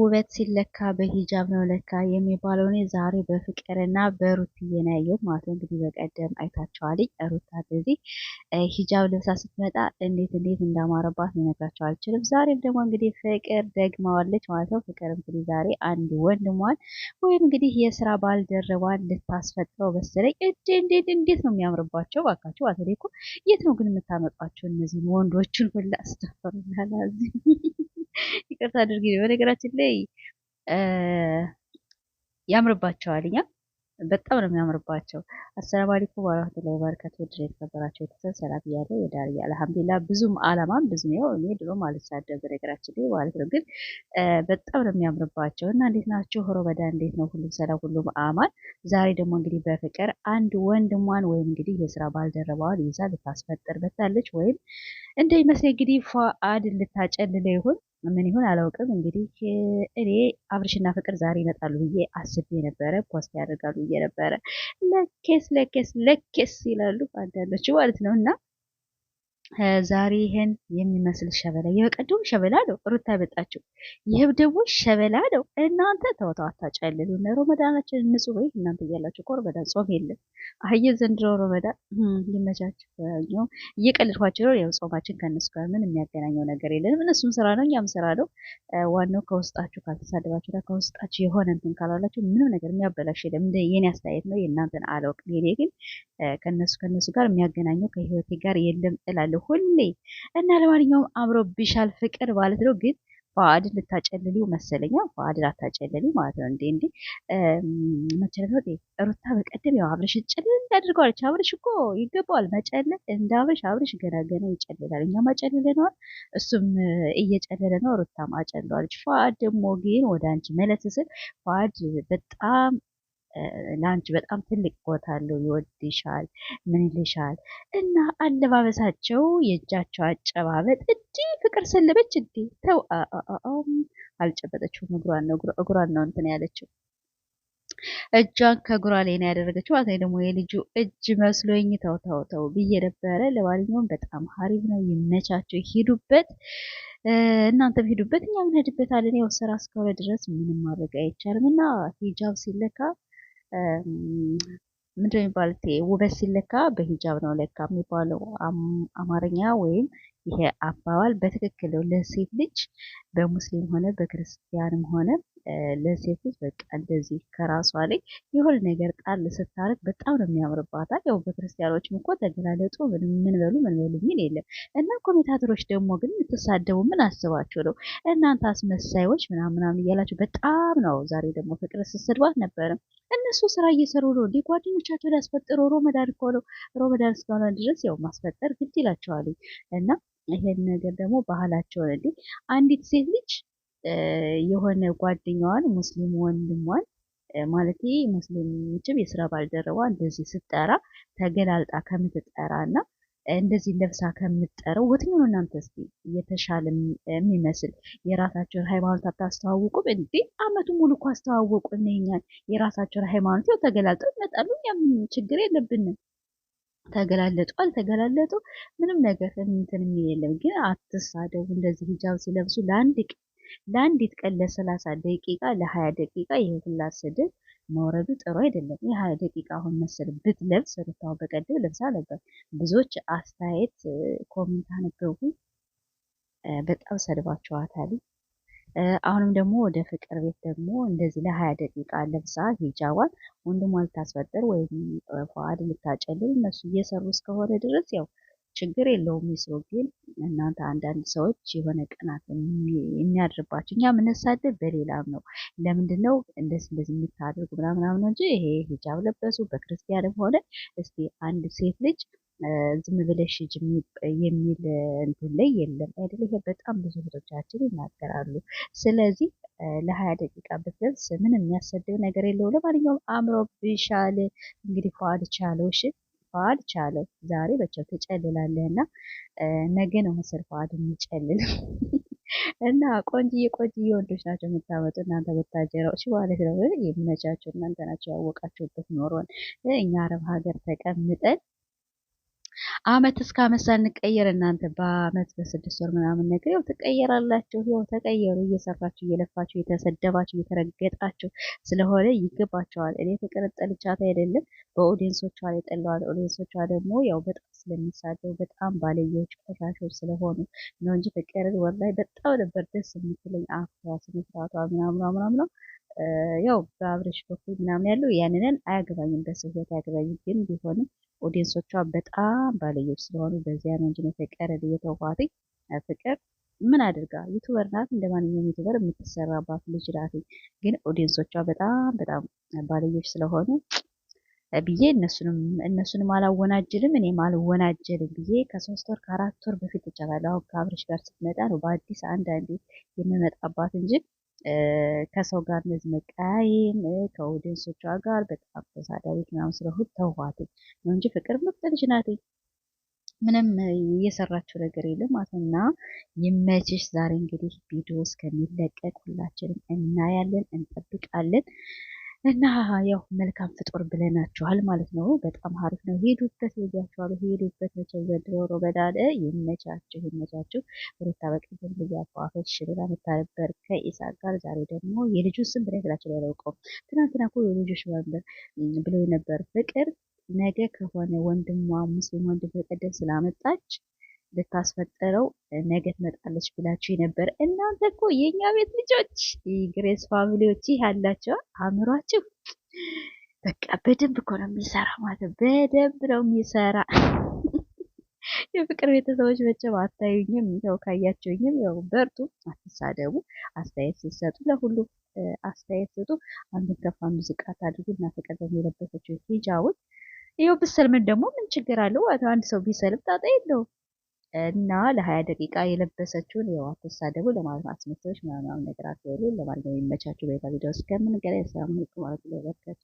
ውበት ሲለካ በሂጃብ ነው ለካ የሚባለውን ዛሬ በፍቅር እና በሩትዬ ነው ያየሁት ማለት ነው። እንግዲህ በቀደም አይታቸዋልኝ ሩታ እንደዚህ ሂጃብ ለብሳ ስትመጣ እንዴት እንዴት እንዳማረባት ልነግራቸው አልችልም። ዛሬም ደግሞ እንግዲህ ፍቅር ደግማዋለች ማለት ነው። ፍቅር እንግዲህ ዛሬ አንድ ወንድሟን ወይም እንግዲህ የስራ ባልደረባን ልታስፈጥረው መሰለኝ። እንዴ እንዴት እንዴት ነው የሚያምርባቸው ባካቸው! አቶ እኮ የት ነው ግን የምታመጧቸው እነዚህን ወንዶችን ሁላ አስተፈሩላላ ይቅርታ አድርጊ። በነገራችን ላይ ያምርባቸዋል። እኛ በጣም ነው የሚያምርባቸው። አሰላሙ አለይኩም ወራህመቱላሂ ወበረካቱ። ድሬ የተከበራቸው የተሰብ ሰላም እያለ የዳርያ አልሐምዱሊላህ። ብዙም አላማም ብዙም ያው እኔ ድሮም አልሳደብ በነገራችን ላይ ማለት ነው፣ ግን በጣም ነው የሚያምርባቸው። እና እንዴት ናቸው ሆሮ በዳ እንዴት ነው? ሁሉም ሰላም፣ ሁሉም አማን። ዛሬ ደግሞ እንግዲህ በፍቅር አንድ ወንድሟን ወይም እንግዲህ የስራ ባልደረባዋን ይዛ ልታስፈጥር በታለች፣ ወይም እንደ ይመስለኝ እንግዲህ ፏአድ ልታጨልለ ይሁን ምን ይሁን አላውቅም። እንግዲህ እኔ አብርሽና ፍቅር ዛሬ ይመጣሉ ብዬ አስቤ ነበረ። ፖስት ያደርጋሉ ብዬ ነበረ። ለኬስ ለኬስ ለኬስ ይላሉ አንዳንዶች ማለት ነው እና ዛሬ ይህን የሚመስል ሸበላ የቀደሙ ሸበላ ነው ሩታ ያመጣችው። ይህም ደግሞ ሸበላ ነው። እናንተ ተወተው አታጨልሉ። ሮመዳናችን ንጹህ ወይ እናንተ እያላችሁ እኮ ሮመዳን ጾም የለም። አየ ዘንድሮ ሮመዳን ይመቻችሁ። እየቀልድኳቸው ነው። ያው ጾማችን ከእነሱ ጋር ምን የሚያገናኘው ነገር የለንም። እነሱም ስራ ነው፣ እኛም ስራ ነው። ዋናው ከውስጣችሁ ካልተሳደባችሁና ከውስጣችሁ የሆነ እንትን ካላላችሁ ምንም ነገር የሚያበላሽ የለም። የኔ አስተያየት ነው፣ የእናንተን አላውቅም። የኔ ግን ከእነሱ ከእነሱ ጋር የሚያገናኘው ከህይወቴ ጋር የለም እላለሁ። ሁሌ እና ለማንኛውም አምሮብሻል ፍቅር ማለት ነው። ግን ፈዋድ ልታጨልሊው መሰለኛ። ፈዋድ ላታጨልሊ ማለት ነው። እንዴ እንዴ መቸለት ወጤ ሩታ በቀደም ያው አብረሽን ጭልል አድርገዋለች። አብረሽ እኮ ይገባዋል መጨለል። እንደ አብረሽ አብረሽ ገና ገና ይጨልላል። እኛም አጨልለነዋል፣ እሱም እየጨለለ ነው። ሩታም አጨልለዋለች። ፈዋድ ደግሞ ግን ወደ አንቺ መለስ ስል ፈዋድ በጣም ለአንቺ በጣም ትልቅ ቦታ አለው፣ ይወድሻል፣ ምን ይልሻል እና አለባበሳቸው፣ የእጃቸው አጨባበጥ እጅ ፍቅር ሰለበች እዲ ተው። አልጨበጠችውም፣ እግሯን ነው እግሯን ነው እንትን ያለችው እጇን ከእግሯ ላይ ነው ያደረገችው። አቶ ደግሞ የልጁ እጅ መስሎኝ ተው ተው ተው ብዬ ነበረ። ለማንኛውም በጣም ሀሪፍ ነው፣ ይመቻቸው፣ ሂዱበት፣ እናንተም ሂዱበት፣ እኛ ምንሄድበት አለን። ያው ስራ እስከሆነ ድረስ ምንም ማድረግ አይቻልም እና ሂጃብ ሲለካ ምንድ ነው የሚባሉት ውበት ሲለካ በሂጃብ ነው ለካ የሚባለው አማርኛ ወይም ይሄ አባባል በትክክል ለሴት ልጅ በሙስሊም ሆነ በክርስቲያንም ሆነ ለሴት ልጅ በቃ እንደዚህ ከራሷ ላይ የሆነ ነገር ጣል ስታረግ በጣም ነው የሚያምርባታል። ያው በክርስቲያኖችም እኮ ተገላለጡ ምን በሉ ምን በሉ የሚል የለም እና ኮሜንታተሮች ደግሞ ግን የምትሳደቡ ምን አስባችሁ ነው እናንተ አስመሳዮች ምናምን ምናምን እያላችሁ በጣም ነው ዛሬ ደግሞ ፍቅር ስስድባት ነበር። እነሱ ስራ እየሰሩ ነው እንዲህ ጓደኞቻቸው ሊያስፈጥሩ ሮመዳን እኮ ነው። ሮመዳን እስከሆነ ድረስ ያው ማስፈጠር ግድ ይላቸዋል እና ይሄን ነገር ደግሞ ባህላቸውን እንዲህ አንዲት ሴት ልጅ የሆነ ጓደኛዋን ሙስሊም ወንድሟን ማለት ሙስሊሞችም የስራ ባልደረባ እንደዚህ ስጠራ ተገላልጣ ከምትጠራ እና እንደዚህ ለብሳ ከምትጠራው ወትኛው ነው እናንተ እስኪ እየተሻለ የሚመስል የራሳቸውን ሃይማኖት አታስተዋውቁም እንዴ? አመቱ ሙሉ እኮ አስተዋወቁ። እነኛን የራሳቸውን ሃይማኖት ያው ተገላልጠው ይመጣሉ። ያም ችግር የለብንም። ተገላለጡ አልተገላለጡ ምንም ነገር እንትን የለም። ግን አትሳደቡ። እንደዚህ ሂጃብ ሲለብሱ ለአንድ ቀን ለአንዲት ቀን ለሰላሳ ደቂቃ ለሀያ ደቂቃ ይሄ ስድብ መውረዱ ጥሩ አይደለም። የሀያ ደቂቃ አሁን መሰል ብትለብስ ሩታው በቀደም ለብሳ ነበር። ብዙዎች አስተያየት ኮሜንት አነበቡ። በጣም ሰድባችኋታል። አሁንም ደግሞ ወደ ፍቅር ቤት ደግሞ እንደዚህ ለሀያ ደቂቃ ለብሳ ሂጃቧን ወንድሟ ልታስፈጥር ወይም ፏድ ልታጨልም እነሱ እየሰሩ እስከሆነ ድረስ ያው ችግር የለውም የሰው ግን እናንተ አንዳንድ ሰዎች የሆነ ቅናት የሚያድርባቸው እኛ የምንሳደብ በሌላም ነው። ለምንድን ነው እንደዚህ እንደዚህ የምታደርጉ ምናምን ነው እንጂ ይሄ ሂጃብ ለበሱ በክርስቲያንም ሆነ እስቲ አንድ ሴት ልጅ ዝም ብለሽ ሂጂ የሚል እንትን ላይ የለም አይደል? ይሄ በጣም ብዙ እህቶቻችን ይናገራሉ። ስለዚህ ለሀያ ደቂቃ ብትደርስ ምን የሚያሰድብ ነገር የለው። ለማንኛውም አእምሮ ብሻል እንግዲህ ፏድ ቻለው እሺ ፉአድ ቻለው ዛሬ በቸው ትጨልላለህ እና ነገ ነው መሰል ፉአድ የሚጨልል እና ቆንጅዬ ቆንጅዬ ወንዶች ናቸው የምታመጡ እናንተ ወታጀራዎች ማለት ነው። የምነቻቸው እናንተ ናቸው ያወቃችሁበት ኖሮን እኛ አረብ ሀገር ተቀምጠን አመት እስከ አመት ሳንቀየር እናንተ በአመት በስድስት ወር ምናምን ነገር ያው ትቀየራላችሁ። ያው ተቀየሩ፣ እየሰራችሁ እየለፋችሁ፣ እየተሰደባችሁ፣ እየተረገጣችሁ ስለሆነ ይገባቸዋል። እኔ ፍቅር ጠልቻት አይደለም፣ በኦዲየንሶቿ ላይ ጠለዋል። ኦዲየንሶቿ ደግሞ ያው በጣም ስለሚሳደው በጣም ባለየዎች ቆሻሾች ስለሆኑ ነው እንጂ ፍቅር ወላሂ በጣም ነበር ደስ የምትለኝ። አፍራ ስነስርዓቷ ምናምኗ ምናምኗ ያው በአብረሽ በኩል ምናምን ያለው ያንንን አያገባኝም፣ በሰው ህይወት አያገባኝም ግን ቢሆንም ኦዲየንሶቿ በጣም ባልዮች ስለሆኑ በዚያ ነው እንጂ የፈቀረ እየተዋትኝ ፍቅር ምን አድርጋ ዩቱበር ናት እንደ ማንኛውም ዩቱበር የምትሰራባት ልጅ ናት። ግን ኦዲየንሶቿ በጣም በጣም ባልዮች ስለሆኑ ብዬ እነሱንም እነሱንም አላወናጅልም እኔም አልወናጀልም ብዬ ከሶስት ወር ከአራት ወር በፊት ይቻላል። አሁን ከአብረሽ ጋር ስትመጣ ነው በአዲስ አንድ አንዴ የምመጣባት እንጂ ከሰው ጋር እንደዚህ መቀያየም ከኦዲየንሶቿ ጋር በጣም ተሳዳቢት ምናምን ስለሆን ተዋትኝ ነው እንጂ ፍቅር ምርጥ ናት። ምንም እየሰራችው ነገር የለም ማለት ነው። እና ይመችሽ። ዛሬ እንግዲህ ቪዲዮ እስከሚለቀቅ ሁላችንም እናያለን፣ እንጠብቃለን። እና ያው መልካም ፍጡር ብለናችኋል ማለት ነው። በጣም ሀሪፍ ነው። ሄዱበት ብያችኋለሁ። ሄዱበት መቼም ዘንድሮ ረመዳን ይመቻችሁ፣ ይመቻችሁ። ሩታ ብያ ፏፈት ሌላ የምታነበር ከኢሳቅ ጋር ዛሬ ደግሞ የልጁ ስም ብላ ላይ ያላውቀው ትናንትና እኮ የልጆች መንበር ብሎ የነበር ፍቅር ነገ ከሆነ ወንድሟ ሙስሊም ወንድም በቀደም ስላመጣች ልታስፈጥረው ነገ ትመጣለች ብላችሁ ነበር። እናንተ እኮ የእኛ ቤት ልጆች ግሬስ ፋሚሊዎች ያላቸው አእምሯችሁ በቃ በደንብ እኮ ነው የሚሰራ ማለት ነው። በደንብ ነው የሚሰራ። የፍቅር ቤተሰቦች መቼም አታዩኝም፣ ያው ካያቸውኝም፣ ያው በርቱ፣ አትሳደቡ፣ አስተያየት ሲሰጡ ለሁሉ አስተያየት ስጡ። አንዱን ከፋ አንዱን ዝቅ አታድርጉ እና ፍቅር በሚለበሰችው ሂጃቡን ይኸው ብሰልምን ደግሞ ምን ችግር አለው? አንድ ሰው ቢሰልም ጣጣ የለውም። እና ለ20 ደቂቃ የለበሰችውን ያው አትሳደቡ ለማለት ነው። ምናምን ነገር አትበሉ ለማለት የሚመቻችሁ በሌላ ቪዲዮ እስከምንገናኝ ሰላም አለይኩም ወራህመቱላሂ ወበረካቱ።